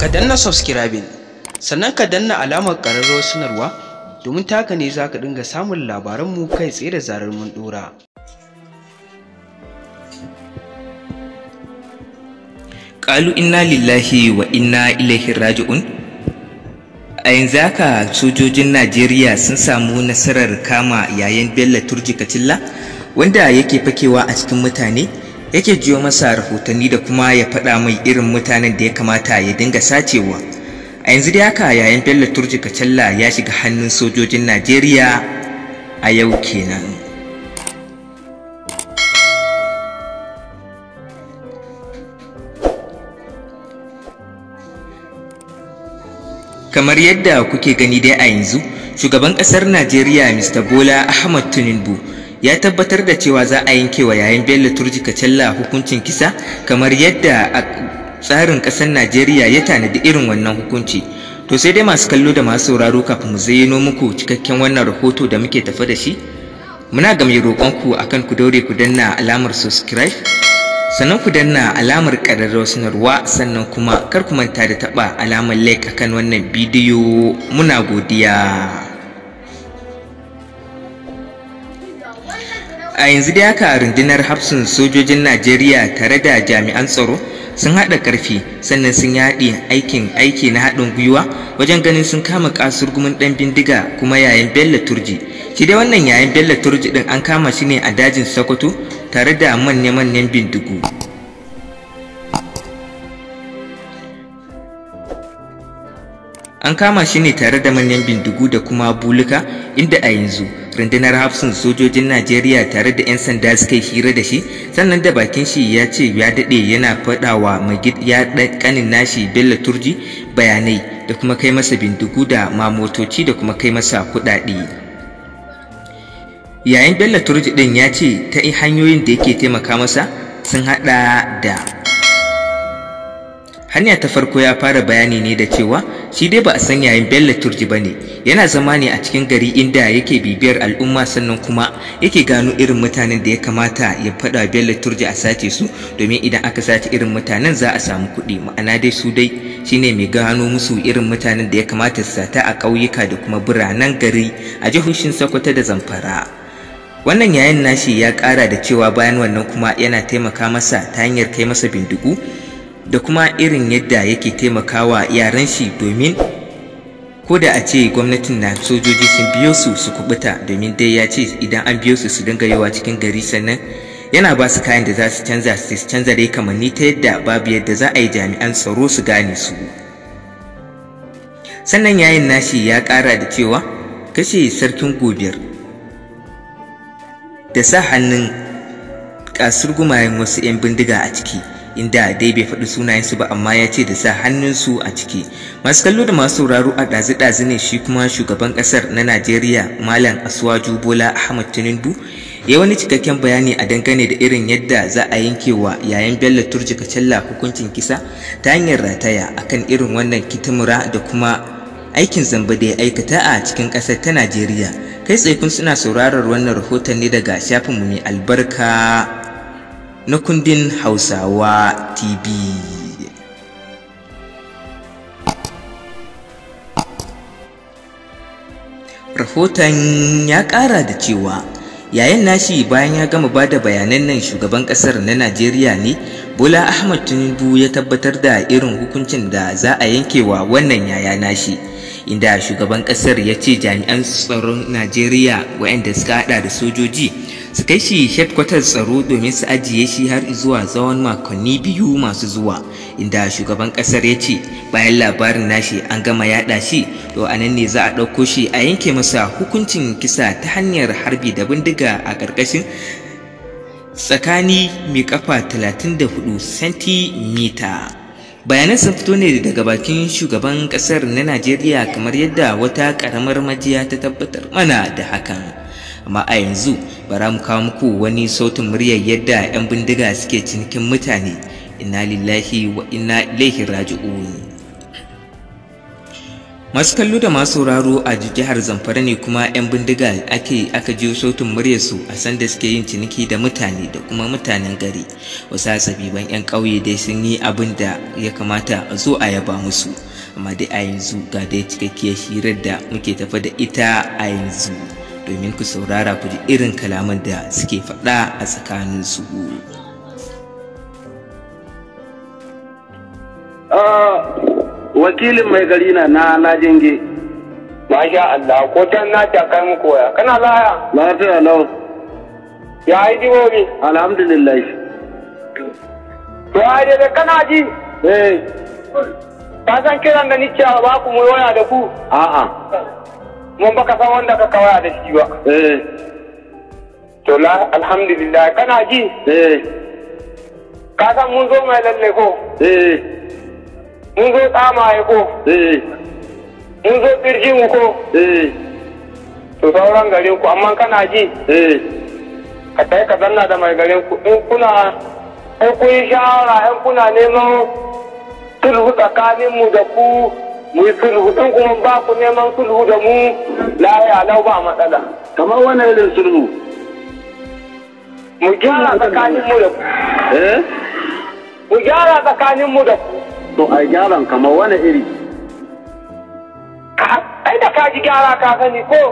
ka danna subscribing sannan ka danna alamar ƙararrawar sanarwa domin taka ne za ka dinga samun labaranmu kai tsaye da zarar mun dora ƙalu inna lillahi wa inna ilaihi raji'un a yanzu haka sojojin najeriya sun samu nasarar kama yayin bello turji wanda yake fakewa a cikin mutane yake jiyo masa rahotanni da kuma ya faɗa mai irin mutanen da ya kamata ya dinga sacewa a yanzu dai haka yayin bello turji kacalla ya shiga hannun sojojin najeriya a yau kenan kamar yadda kuke gani dai a yanzu shugaban ƙasar najeriya mr bola ahmad tinubu ya tabbatar da cewa za a yanke wa yayin bello turji kacalla hukuncin kisa kamar yadda a tsarin ƙasar najeriya ya tanadi irin wannan hukunci to sai dai masu kallo da masu sauraro kafin mu zayyano muku cikakken wannan rahoto da muke tafa da shi muna ga mai roƙonku akan ku daure ku danna alamar subscribe sannan ku danna alamar ƙararrawar sanarwa sannan kuma kar ku manta da taɓa alamar like akan wannan bidiyo muna godiya a yanzu da haka rundunar hafsun sojojin najeriya tare da jami'an tsaro sun haɗa ƙarfi sannan sun yaɗe aikin aiki na haɗin gwiwa wajen ganin sun kama gumin ɗan bindiga kuma yayin bello turji shi dai wannan yayin bello turji ɗin an kama shi ne a dajin sokoto tare da manya-manyan bindigu an kama shi ne tare da manyan bindigu da kuma bulika inda a yanzu rundunar hafsun sojojin najeriya tare da 'yan sanda suka hira da shi sannan da bakin shi ya ce ya daɗe yana faɗawa mai ya kanin nashi bello turji bayanai da kuma kai masa bindigu da mamotoci da kuma kai masa kuɗaɗe yayin bello turji din ya ce ta hanyoyin da yake taimaka masa sun haɗa da hanya ta farko ya fara bayani ne da cewa shi dai ba a san yayin bello turji ba ne yana zama ne a cikin gari inda yake bibiyar al'umma sannan kuma yake gano irin mutanen da ya kamata ya fada bello turji a sace su domin idan aka sace irin mutanen za a samu kuɗi ma'ana dai su dai shine mai gano musu irin mutanen da ya kamata su sata a ƙauyuka da kuma biranen gari a jihohin sokoto da zamfara wannan yayin nashi ya ƙara da cewa bayan wannan kuma yana taimaka masa ta hanyar kai masa bindigu da kuma irin yadda yake taimakawa yaran shi domin ko da a ce gwamnatin na sojoji sun biyo su su kubuta domin dai ya ce idan an biyo su su dinga yawa cikin gari sannan yana ba su kayan da za su canza su canza dai ni ta yadda babu yadda za a yi jami'an tsaro su gane su sannan yayin nashi ya ƙara da cewa kashe sarkin gobiyar da sa hannun kasar gumayen wasu 'yan bindiga a ciki inda dai bai faɗi sunayensu ba amma ya ce da sa hannunsu a ciki masu kallo da masu sauraro a ɗazu-ɗazu ne shi kuma shugaban ƙasar na najeriya malam asuwaju bola ahmad tinubu ya wani cikakken bayani a dangane da irin yadda za a yanke wa yayin bello turji kacalla hukuncin kisa ta hanyar rataya akan irin wannan kitimura da kuma aikin zamba da ya aikata a cikin ƙasar ta najeriya kai tsaye suna sauraron wannan rahoton ne daga shafinmu ne, albarka na kundin Hausawa TV. Rahoton ya ƙara da cewa yayin nashi bayan ya gama bada da bayanan nan shugaban ƙasar na Najeriya ne Bula ahmad tinubu ya tabbatar da irin hukuncin da za a wa wannan yaya nashi inda shugaban kasar ya ce jami'an tsaron najeriya waɗanda suka hada da sojoji su kai shi headquarters tsaro domin su ajiye shi har zuwa zawan makonni biyu masu zuwa inda shugaban kasar ya ce bayan labarin nashi an gama yada shi to a nan ne za a ɗauko shi a yanke masa hukuncin kisa ta hanyar harbi da bindiga a ƙarƙashin tsakani mai kafa 34 cm. bayanan sun fito ne daga bakin shugaban kasar na najeriya kamar yadda wata karamar majiya ta tabbatar mana da hakan amma a yanzu bara mu kawo muku wani sautin muryar yadda 'yan bindiga suke cinikin mutane inna lillahi wa inna ilaihi raji'un masu kallo da masu sauraro a jihar zamfara ne kuma 'yan bindiga ake aka jiyo sautin muryarsu a sanda suke yin ciniki da mutane da kuma mutanen gari wasu sabiban 'yan ƙauye dai sun yi abin da ya kamata a zo a yaba musu amma dai a yanzu ga dai cikakkiyar hirar da muke tafa da ita a yanzu domin ku saurara ku ji irin kalaman da suke faɗa a tsakanin su. Ah, wakilin mai gari na na lajinge masha Allah ko tan na ta kai mu koya kana laya lafiya lau ya yi bi. alhamdulillah to aje da kana ji eh ka san kiran da ni a ba ku mu waya da ku a'a mun baka san wanda ka kawaya da shi ba eh to la alhamdulillah kana ji eh ka san mun zo mai lalle ko eh mun zo tsamaye ko mun eh. zo birjin ko eh. to sauran garin ku amma kana ji eh. ka tai ka danna da mai garin ku in kuna in shawara in kuna neman sulhu tsakanin mu da ku mu yi sulhu in kuma ba ku neman sulhu da mu lahiya lau ba matsala kamar wani irin sulhu mu gyara tsakanin mu da ku mu gyara tsakanin mu da ku to a gyaran kamar wani iri ai da ka ji gyara ka sani ko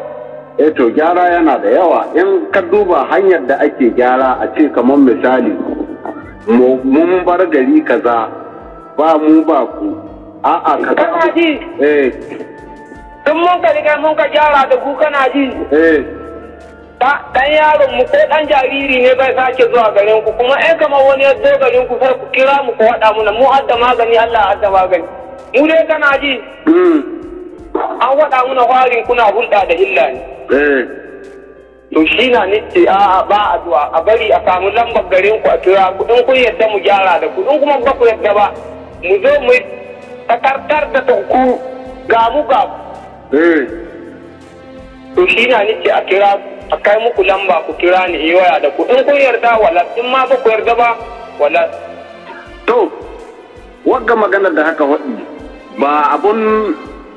eh to gyara yana da yawa in ka duba hanyar da ake gyara a ce kamar misali mun bar gari kaza ba mu ba ku a'a ka ji eh mun ka riga mun ka gyara da ku kana ji eh dan yaron mu ko dan jariri ne bai sake zuwa garin ku kuma in kamar wani ya zo garin ku sai ku kira mu ku wada mu mu hadda magani Allah hadda magani mu dai kana ji hmm. an waɗa muna warin kuna hulɗa da illa ne eh. to shi na nice a ba a zuwa a bari a samu lambar garin ku a kira kuɗin kun yadda mu gyara da kuɗin kuma ba ku yadda ba mu zo mu takartar da tanku mu ga. Eh. to shi na nice a kira ku a kai muku lamba ku kira ni yi eh, waya da ku in kun yarda wala in ma ba ku yarda ba wala. To, wagga maganar da haka wadi ba abun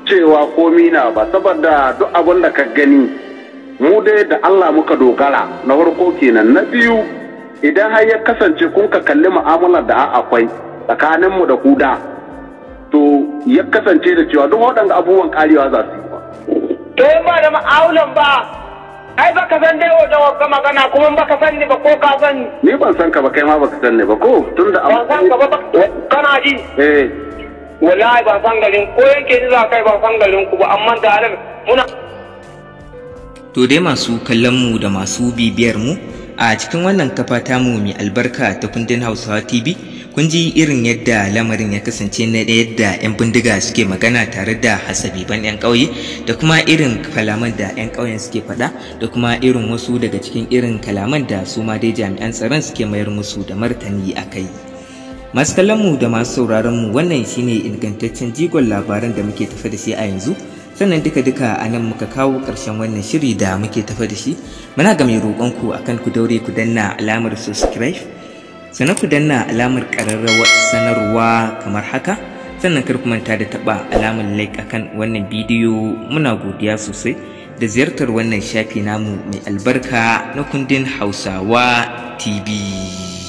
cewa komi na ba saboda duk abun da ka gani mu dai da Allah muka dogara na farko kenan na biyu idan har ya kasance kun ka kalli mu'amalar da akwai tsakanin mu da kuda to ya kasance da cewa duk waɗanda abubuwan karewa za su yi ba. To ba da ma'aulan ba ai baka san dai wa dawa magana kuma baka san ni ba ko ka san ni ni ban san ka ba kai ma baka san ni ba ko da amma ban san ka ba kana ji eh wallahi ban san garin ko yanke ni za kai ban san garin ku ba amma da alam muna to dai masu kallon mu da masu bibiyar mu a cikin wannan kafa tamu mai albarka ta kundin Hausawa TV kun ji irin yadda lamarin ya kasance na yadda 'yan bindiga suke magana tare da hasabiban 'yan ƙauye da kuma irin kalaman da 'yan ƙauyen suke faɗa da kuma irin wasu daga cikin irin kalaman da su ma dai jami'an tsaron suke mayar musu da martani a kai masu mu da masu sauraron mu wannan shine ingantaccen jigon labaran da muke tafa da shi a yanzu sannan duka-duka a nan muka kawo ƙarshen wannan shiri da muke tafa da shi muna ga mai roƙonku akan ku daure ku danna alamar subscribe sannan ku danna alamar ƙararrawa sanarwa kamar haka sannan kar ku manta da taɓa alamar like akan wannan bidiyo muna godiya sosai da ziyartar wannan shafi namu mai albarka na kundin hausawa tv